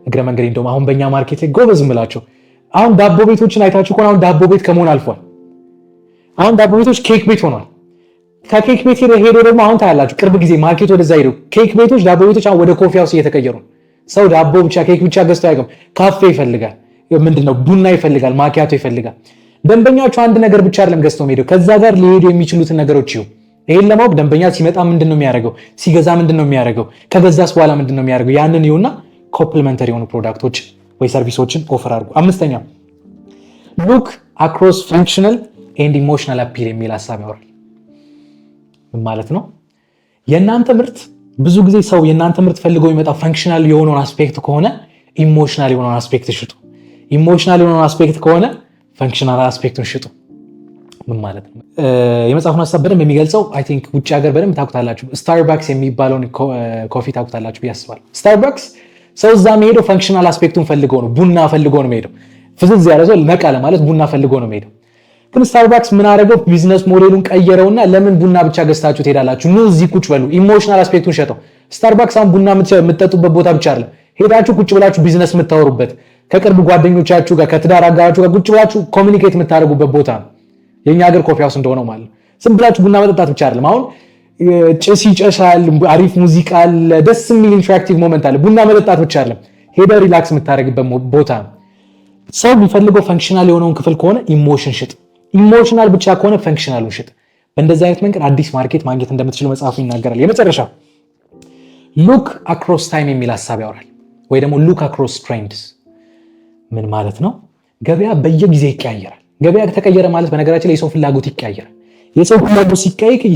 እግረ መንገድ እንደውም አሁን በእኛ ማርኬት ላይ ጎበዝ ምላቸው አሁን ዳቦ ቤቶችን አይታችሁ ከሆነ አሁን ዳቦ ቤት ከመሆን አልፏል። አሁን ዳቦ ቤቶች ኬክ ቤት ሆኗል። ከኬክ ቤት ሄዶ ደግሞ አሁን ታያላችሁ፣ ቅርብ ጊዜ ማርኬት ወደዛ ሄደው ኬክ ቤቶች፣ ዳቦ ቤቶች አሁን ወደ ኮፊ ሃውስ እየተቀየሩ ሰው ዳቦ ብቻ ኬክ ብቻ ገዝቶ አይቀም። ካፌ ይፈልጋል፣ ምንድነው ቡና ይፈልጋል፣ ማኪያቶ ይፈልጋል። ደንበኛቸው አንድ ነገር ብቻ አይደለም ገዝተው ሄደው ከዛ ጋር ሊሄዱ የሚችሉትን ነገሮች ይሁን ይሄን ለማወቅ ደንበኛ ሲመጣ ምንድን ነው የሚያደርገው? ሲገዛ ምንድን ነው የሚያደርገው? ከገዛስ በኋላ ምንድን ነው የሚያደርገው? ያንን ይሁና ኮምፕሊመንተሪ የሆኑ ፕሮዳክቶች ወይ ሰርቪሶችን ኦፈር አድርጉ። አምስተኛ ሉክ አክሮስ ፋንክሽናል ኤንድ ኢሞሽናል አፒል የሚል ሀሳብ ያወራል። ማለት ነው የእናንተ ምርት ብዙ ጊዜ ሰው የእናንተ ምርት ፈልገው የሚመጣ ፋንክሽናል የሆነውን አስፔክት ከሆነ ኢሞሽናል የሆነውን አስፔክት ሽጡ። ኢሞሽናል የሆነውን አስፔክት ከሆነ ፋንክሽናል አስፔክቱን ሽጡ። ምን ማለት ነው? የመጽሐፉን ሀሳብ በደንብ የሚገልጸው አይ ቲንክ ውጭ ሀገር በደንብ ታውቁታላችሁ፣ ስታርባክስ የሚባለውን ኮፊ ታውቁታላችሁ ብዬ አስባለሁ። ስታርባክስ ሰው እዛ የሚሄደው ፋንክሽናል አስፔክቱን ፈልጎ ነው፣ ቡና ፈልጎ ነው የሚሄደው። ፍዝዝ ያለ ሰው ነቃ ለማለት ቡና ፈልጎ ነው የሚሄደው። ግን ስታርባክስ ምን አደረገው? ቢዝነስ ሞዴሉን ቀየረውና ለምን ቡና ብቻ ገዝታችሁ ትሄዳላችሁ? ኑ እዚህ ቁጭ በሉ። ኢሞሽናል አስፔክቱን ሸጠው። ስታርባክስ አሁን ቡና የምትጠጡበት ቦታ ብቻ አይደለም፣ ሄዳችሁ ቁጭ ብላችሁ ቢዝነስ የምታወሩበት ከቅርብ ጓደኞቻችሁ ጋር ከትዳር አጋራችሁ ጋር ቁጭ ብላችሁ ኮሚኒኬት የምታደርጉበት ቦታ ነው። የእኛ ሀገር ኮፊ ሃውስ እንደሆነው ማለት ነው። ዝም ብላችሁ ቡና መጠጣት ብቻ አይደለም። አሁን ጭስ ይጨሳል፣ አሪፍ ሙዚቃ አለ፣ ደስ የሚል ኢንትራክቲቭ ሞመንት አለ። ቡና መጠጣት ብቻ አይደለም፣ ሄደ ሪላክስ የምታደርግበት ቦታ ሰው የሚፈልገው ፈንክሽናል የሆነውን ክፍል ከሆነ ኢሞሽን ሽጥ። ኢሞሽናል ብቻ ከሆነ ፈንክሽናሉን ሽጥ። በእንደዚህ አይነት መንገድ አዲስ ማርኬት ማግኘት እንደምትችል መጽሐፉ ይናገራል። የመጨረሻ ሉክ አክሮስ ታይም የሚል ሀሳብ ያወራል፣ ወይ ደግሞ ሉክ አክሮስ ትሬንድስ። ምን ማለት ነው? ገበያ በየጊዜ ይቀያየራል። ገበያ ተቀየረ ማለት በነገራችን ላይ የሰው ፍላጎት ይቀያየር። የሰው ፍላጎት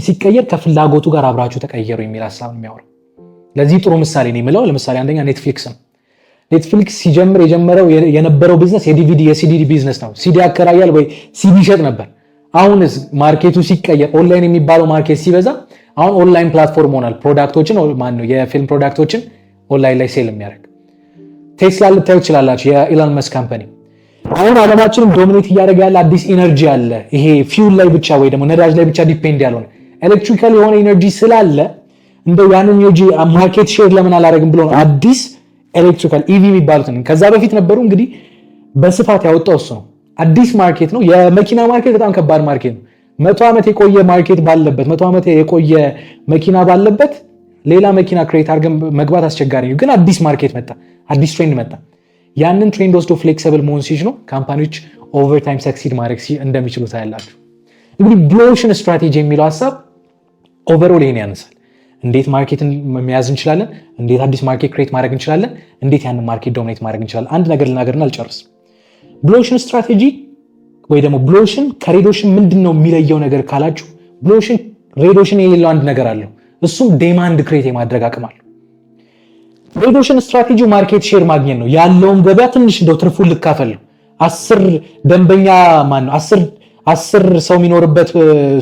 ሲቀየር ከፍላጎቱ ጋር አብራችሁ ተቀየሩ የሚል ሀሳብ የሚያወራ ለዚህ ጥሩ ምሳሌ ነው የምለው። ለምሳሌ አንደኛ ኔትፍሊክስ ነው። ኔትፍሊክስ ሲጀምር የጀመረው የነበረው ቢዝነስ የዲቪዲ የሲዲ ቢዝነስ ነው። ሲዲ ያከራያል ወይ ሲዲ ይሸጥ ነበር። አሁን ማርኬቱ ሲቀየር ኦንላይን የሚባለው ማርኬት ሲበዛ አሁን ኦንላይን ፕላትፎርም ሆናል። ፕሮዳክቶችን ማን ነው የፊልም ፕሮዳክቶችን ኦንላይን ላይ ሴል የሚያደርግ ቴስላ ልታዩ ትችላላችሁ። የኢላን መስክ ካምፓኒ አሁን ዓለማችንም ዶሚኔት እያደረገ ያለ አዲስ ኢነርጂ አለ። ይሄ ፊውል ላይ ብቻ ወይ ደግሞ ነዳጅ ላይ ብቻ ዲፔንድ ያልሆነ ኤሌክትሪካል የሆነ ኢነርጂ ስላለ እንደ ያንን ኢነርጂ ማርኬት ሼር ለምን አላደረግም ብሎ ነው አዲስ ኤሌክትሪካል ኢቪ የሚባሉትን ከዛ በፊት ነበሩ እንግዲህ በስፋት ያወጣው እሱ ነው። አዲስ ማርኬት ነው። የመኪና ማርኬት በጣም ከባድ ማርኬት ነው። መቶ ዓመት የቆየ ማርኬት ባለበት፣ መቶ ዓመት የቆየ መኪና ባለበት ሌላ መኪና ክሬት አድርገን መግባት አስቸጋሪ ነው። ግን አዲስ ማርኬት መጣ፣ አዲስ ትሬንድ መጣ። ያንን ትሬንድ ወስዶ ፍሌክሲብል መሆን ሲች ነው ካምፓኒዎች ኦቨርታይም ሰክሲድ ማድረግ እንደሚችሉ ታያላችሁ። እንግዲህ ብሎሽን ስትራቴጂ የሚለው ሀሳብ ኦቨሮል ይሄን ያነሳል። እንዴት ማርኬትን መያዝ እንችላለን? እንዴት አዲስ ማርኬት ክሬት ማድረግ እንችላለን? እንዴት ያንን ማርኬት ዶሚኔት ማድረግ እንችላለን? አንድ ነገር ልናገርን አልጨርስ። ብሎሽን ስትራቴጂ ወይ ደግሞ ብሎሽን ከሬዶሽን ምንድን ነው የሚለየው ነገር ካላችሁ ብሎሽን ሬዶሽን የሌለው አንድ ነገር አለው። እሱም ዴማንድ ክሬት የማድረግ አቅም አለው። ትሬዶሽን ስትራቴጂው ማርኬት ሼር ማግኘት ነው። ያለውን ገበያ ትንሽ እንደው ትርፉን ልካፈል ነው። አስር ደንበኛ ነው አስር አስር ሰው የሚኖርበት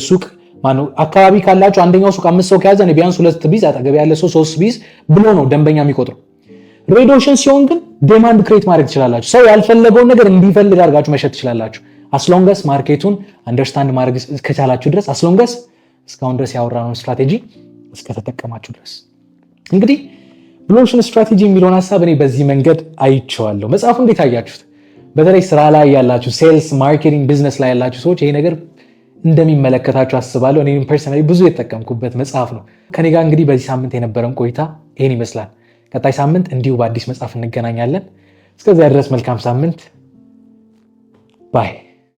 ሱቅ ማነው አካባቢ ካላችሁ አንደኛው ሱቅ አምስት ሰው ከያዘ ቢያንስ ሁለት ቢዝ አጠገብ ያለ ሰው ሶስት ቢዝ ብሎ ነው ደንበኛ የሚቆጥረው። ሬዶሽን ሲሆን ግን ዴማንድ ክሬት ማድረግ ትችላላችሁ። ሰው ያልፈለገውን ነገር እንዲፈልግ አድርጋችሁ መሸጥ ትችላላችሁ። አስሎንገስ ማርኬቱን አንደርስታንድ ማድረግ ከቻላችሁ ድረስ አስሎንገስ እስካሁን ድረስ ያወራነውን ስትራቴጂ እስከተጠቀማችሁ ድረስ እንግዲህ ብሎሽን ስትራቴጂ የሚለውን ሀሳብ እኔ በዚህ መንገድ አይቼዋለሁ። መጽሐፉ እንዴት አያችሁት? በተለይ ስራ ላይ ያላችሁ ሴልስ፣ ማርኬቲንግ፣ ቢዝነስ ላይ ያላችሁ ሰዎች ይሄ ነገር እንደሚመለከታችሁ አስባለሁ። እኔም ፐርሰናሊ ብዙ የተጠቀምኩበት መጽሐፍ ነው። ከኔ ጋር እንግዲህ በዚህ ሳምንት የነበረን ቆይታ ይህን ይመስላል። ቀጣይ ሳምንት እንዲሁ በአዲስ መጽሐፍ እንገናኛለን። እስከዚያ ድረስ መልካም ሳምንት ባይ